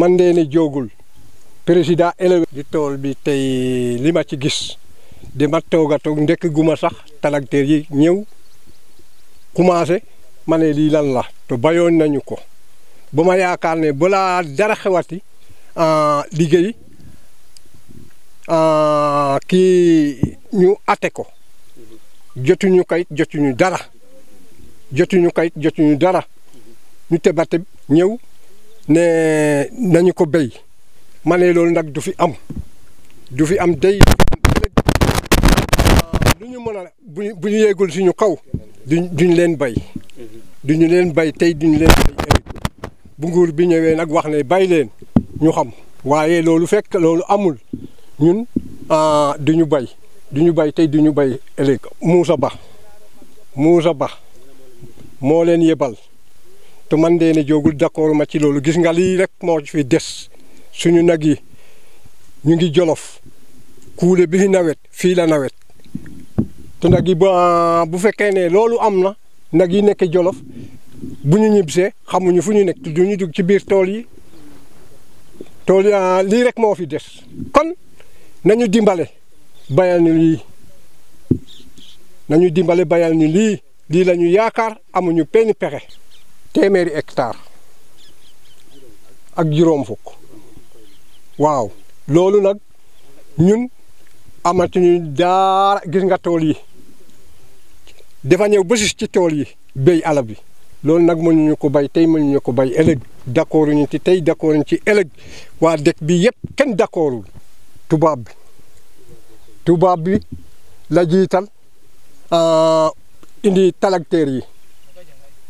man dee ne jógul président élevé di tool bi tey li ma ci gis di ma toog a ndekk guma sax tracteur yi ñëw commencé ma ne lii lan la te bayoon nañu ko ba ma yaakaar ne balaa dara xewati ah, liggéey ah, kii ñu ate ko jotuñu kayit jotuñu dara jotuñu kayit jotuñu dara ñu tebateb ñëw ne nañu ko bay ma loolu nag du fi am du fi am day lu ñu mën a bu bu ñu yeegul suñu kaw duñ duñ leen bay duñu leen bay tey duñu leen bay bu nguur bi ñëwee nag wax ne bay leen ñu xam waaye loolu fekk loolu amul ñun ah, duñu bay duñu bay tey duñu bay ëllëg muusa Ba Moussa Ba moo leen yebal te man dee ne jógul d'accord ci loolu gis nga lii rek moo fi des suñu nag yi ñu ngi jolof kuule bi nawet fii la nawet te nag yi ba bu fekkee ne loolu am na nag yi nekk jolof bu ñu ñibsee xamuñu fu ñu nekk du ñu dugg ci biir tool yi tool yi ah, lii rek moo fi des kon nañu dimbale bayal ñu lii nañu dimbale bayal ñu lii lii lañu yaakaar amuñu benn pexe téeméeri hectare ak juróom fukk waaw loolu nag ñun amatuñu daara gis nga tool yi dafa ñëw bésis ci tool yi béy ala bi loolu nag mënuñu ko bay tey mënuñu ko bay ëllëg d'accord ñu ci tey d'accord ñu ci ëllëg waa dëkk bi yëpp kenn d'accordul tubaab bi tubaab bi la jiital euh, indi tracteur yi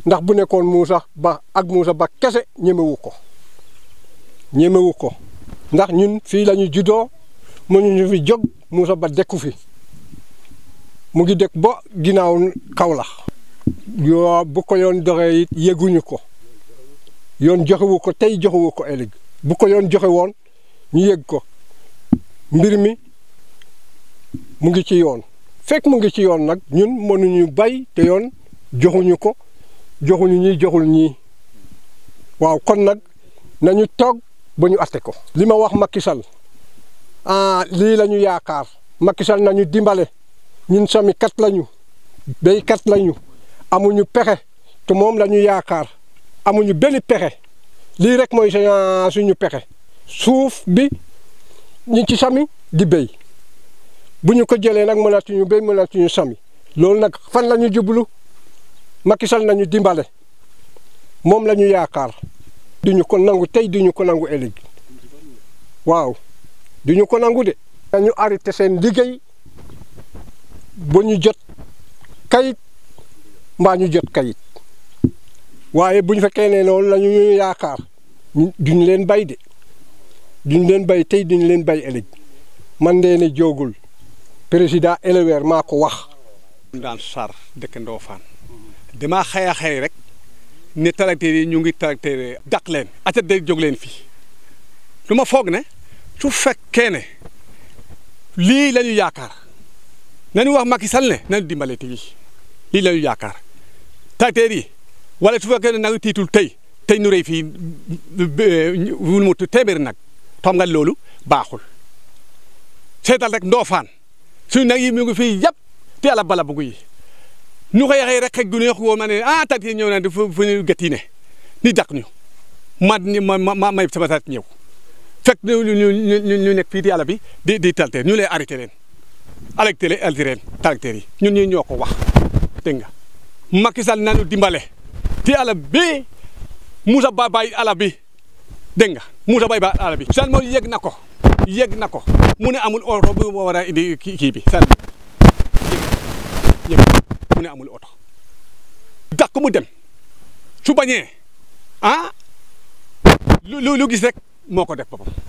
ndax bu nekkoon Moussa Ba ak Moussa Ba kese ñemewu ko ñemewu ko ndax ñun fii la ñu juddoo mu ñu fi jóg Moussa Ba dekku fi mu ngi dëkk ba ginnaaw Kaolack yoo bu ko yoon doxee it yëguñu ko yoon joxewu ko tey joxewu ko ëllëg bu ko yoon joxe woon ñu yëg ko mbir mi mu ngi ci yoon fekk mu ngi ci yoon nag ñun mënuñu bay te yoon joxuñu ko joxuñu ñii joxul ñii waaw kon nag nañu toog ba ñu atte ko li ma wax Macky Sall ah, lii la yaakaar Macky Sall nañu dimbale ñun sami kat lañu béykat lañu amuñu pexe te moom la yaakaar amuñu benn pexe lii rek mooy suñu pexe suuf bi ñu ci sami di béy bu ñu ko jëlee nag mënatuñu béy mënatuñu sami loolu nag fan la jublu Macky Sall nañu dimbale moom la ñu yaakaar duñu ko nangu tey duñu ko nangu ëllëg waaw duñu ko nangu de dañu arrêté seen liggéey ba ñu jot kayit mbaa ñu jot kayit waaye bu ñu fekkee ne loolu lañu ñu yaakaar duñu leen bay de duñu leen bay tey duñu leen bay ëllëg man de ne joogul président éleveur maa ko wax. daan sar damaa xëy a xëy rek ne tracteurs yi ñu ngi tracteurs daq a atat day jóg leen fii lu ma foog ne su fekkee lii la ñu yaakaar nañu wax Macky Sall ne nañu dimbale tigi lii la ñu yaakaar tracteurs yi wala su fekkee ne nag tiitul tey tey nu rëy fii wul euh, mu téeméeri nag xam nga loolu baaxul seetal rek ndoofaan suñu nag yi mu ngi fii yëpp te ala bala bugu yi ñu koy waxee rek xëy gu neex woo ma ne ah tat yi ñëw naa ne fu ñu gët yi ne ni dàq ñu ma ma ma may sama ñëw fekk ñu ñu nekk fii di àll bi di di talteer ñu lay arrêté leen arrêté leen arrêté leen talteer yi ñun ñii ñoo ko wax dégg nga Macky Sall dimbale ci àll bi Moussa Ba bàyyi àll bi dégg nga Moussa Ba bàyyi àll bi. Sall mooy yegg na ko yegg na ko mu ne amul oto bu war a indi kii kii bi Sall mu amul oto dàq mu dem su bañee ah lu lu gis rek moo ko def boppam